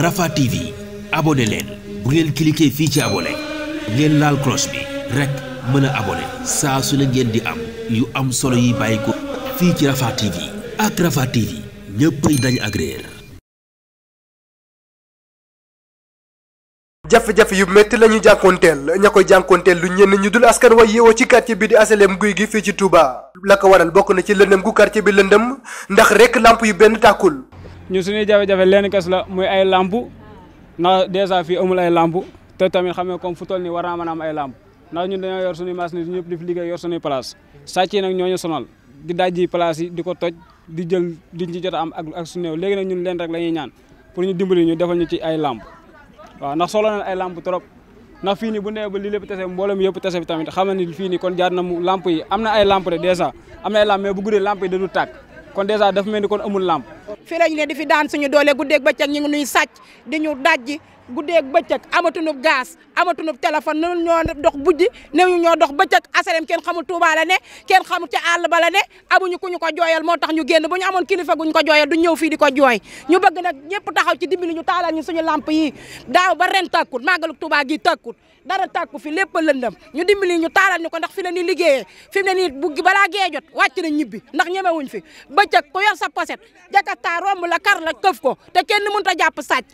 Rafah TV abonné leen bu ngeen cliquer fii ci abonné ngeen laal cloche bi rek mën a abonné saa su ne ngeen di am yu am solo yi bàyyi ko fii ci Rafah TV ak Rafah TV ñëppay dañ agréer jafe-jafe yu métti la ñu jànkoonteel ña koy jànkoonteel lu ñenn ñu dul askan way yeewoo ci quartier bi di aselem guy gi fii ci Touba la waral bokk na ci lëndëm gu quartier bi lëndëm ndax rekk làmp yu benn tàkkul ñu suñuy jafe-jafe leen kes la muy ay làmp nax dèjà fii amul ay làmp te tamit xam ne comme fu toll nii war naa mën a am ay làmp ndax ñun yor suñuy machine ñëpp di fi liggéey yor suñuy place sàcc yi nag ñoo ñu sonal di dajji place yi di ko toj di jël di ci jot am ak ak su néew léegi nag ñun leen rek la ñuy ñaan pour ñu dimbali ñu defal ci ay làmp waaw ndax soxla ay làmp trop ndax fii bu nee ba lii lépp tese mboolem yëpp tese bi tamit xam na ni fii nii kon jaar na mu làmp yi am na ay làmp de dèjà am na ay bu guddee làmp yi da du tàkk kon dèjà dafa mel ni kon amul làmp fi lañ ne di fi daan suñu doole guddeeg bëccëg ñu ngi nuy sàcc di ñu dajji guddeeg bëccëg amatuñu gaz amatuñu téléphone nunu ñoo dox buddi nenu ñoo dox bëccëg asalem kenn xamul Touba la ne kenn xamul ca àll la ne amuñu ku ñu ko jooyal moo tax ñu génn bu ñu amoon kilifa ko jooyal duñ ñëw fii di ko jooy ñu bëgg nag ñëpp taxaw ci ñu taalal ñu suñu lamp yi daaw ba ren tàkkut màggalu Touba gi tàkkut dara tàkku fi lépp lëndëm ñu dimbali ñu taalal ñu ko ndax fi la ni liggéeyee fi mu ne nii bu balaa gee jot wàcc na ñibbi ndax ñemewuñ fi bëccëg ku yor sa poset jakata romb la kar la këf ko te kenn mënut a jàpp sàcc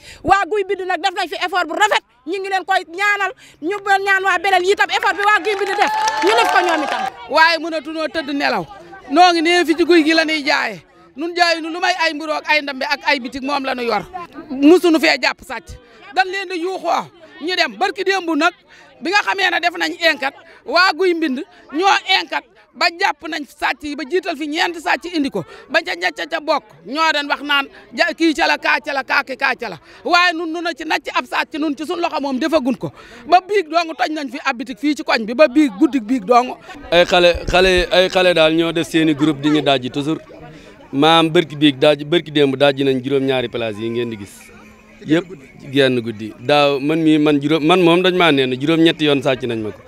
nañ fi effort bu rafet ñu ngi leen koy ñaanal ñu ba ñaan waa beneen yi tam effort bi waa guy mbind def ñu def ko ñoom itam. waaye mënatunoo tëdd nelaw noo ngi nee fi guy gi la ñuy jaayee nun jaayu nu lu may ay mburu ak ay ndambe ak ay bitik moom la ñu yor musunu fee jàpp sàcc dañ leen di yuuxoo ñu dem barki démb nag bi nga xamee ne def nañu enquête waa guy mbind ñoo enquête ba jàpp nañ sàcc yi ba jiital fi ñeenti sàcc indi ko ba ca ñecca ca bokk ñoo doon wax naan ja kii ca la kaa ca la kaa ki kaa ca la waaye nun nu na ci nacc ab sàcc nun ci suñ loxo moom defagun ko ba biig dong toj nañ fi ab fii ci koñ bi ba biig guddi biig dong ay xale xale daal ñoo def seen i groupe di ñu dajji toujours maam bërki biig dajji bërki démb dajji nañ juróom-ñaari place yi ngeen di gis yëpp genn guddi daaw man mii man juróom man moom dañ maan nee na juróom yoon sàcc nañ ma ko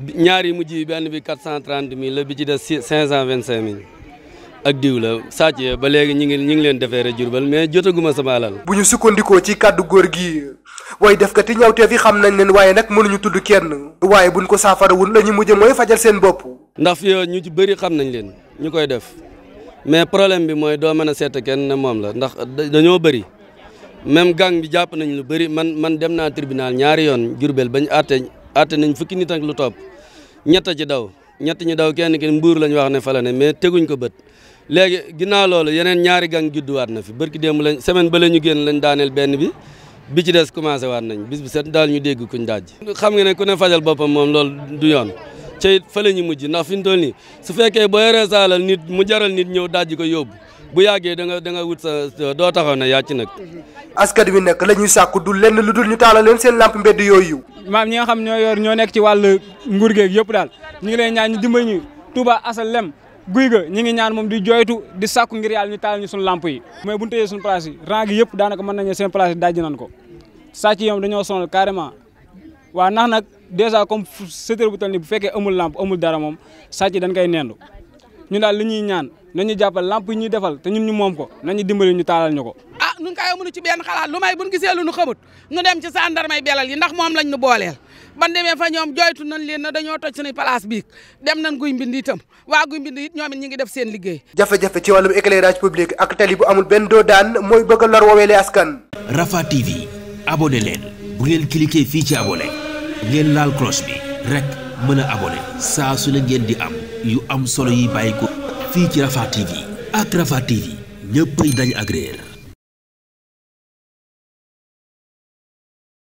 ñaari yi mujj yi benn bi quatre cent trente mille bi ci des cinq cent vingt cinq mille ak diw la sàcc ba léegi ñu ngi ñu ngi leen defeere Jurbel mais jotaguma sama alal bu ñu sukkandikoo ci kàddu góor gi waaye def kati ñawteef fi xam nañ leen waaye nag mënuñu tudd kenn waaye buñ ko saafarawul la ñu mujj mooy fajal seen bopp ndax fi ñu ci bëri xam nañ leen ñu koy def mais problème bi mooy doo mën a seet kenn ne moom la ndax dañoo bëri même gang bi jàpp nañ lu bëri man man dem naa tribunal ñaari yoon Jurbel bañ àtte àtte nañ fukki nit ak lu topp ñett ci daw ñett ñi daw kenn ki mbuur lañ wax ne fa la ne mais teguñ ko bët léegi ginnaaw lool yeneen ñaari gang judduwaat na fi barki démb lañ semaine ba la ñu génn lañ daaneel benn bi bi ci des commencé waat nañ bis bi set daal ñu dégg kuñ daaj xam nga ne ku ne fajal boppam moom loolu du yoon ca it fa la ñu mujj ndax fi mu toll nii su fekkee boo yoree saalal nit mu jaral nit ñëw daaj ko yóbbu bu yàggee danga da nga wut sa doo na ne yàcc nag. askan wi nag la ñuy sàkku du lenn lu dul ñu taalal leen seen lamp mbedd yooyu. maam ñi nga xam ñoo yor ñoo nekk ci wàll nguur geeg yëpp daal ñu ngi leen ñaan ñu dimbali ñu Asal Lem guy ga ñu ngi ñaan moom di jooytu di sakk ngir yàlla ñu taalal ñu suñu lamp yi. mais bu ñu tëjee suñu place rang yëpp daanaka mën nañu seen place yi nañ ko sàcc yi moom dañoo sonal carrément waa ndax nag dèjà comme secteur bu toll nii bu fekkee amul lamp amul dara moom sàcc dañ koy nendu ñu daal li ñuy ñaan nañu jàppal lamp yi ñuy defal te ñun ñu moom ko nañu dimbali ñu taalal ñu ko ah nun kaay mënu ci benn xalaat lu may buñ gisee lu nu xamut ñu dem ci gendarmerie belal yi ndax moom lañ nu booleel ban demee fa ñoom jooytu nañ leen na dañoo toj suñuy place biig dem nañ guy mbind itam waa guy mbind it ñoom ñu ngi def seen liggéey jafe-jafe ci wàllum éclairage public ak tali bu amul benn doo daan mooy bëgg a lor wooweele askan Rafah TV abonné leen bu ngeen cliquer fii ci abonné ngeen laal cloche bi rek mën a abonné saa su ne ngeen di yu am solo yi bàyyi ko fii ci Rafah TV ak Rafah TV ñëppay dañ agréer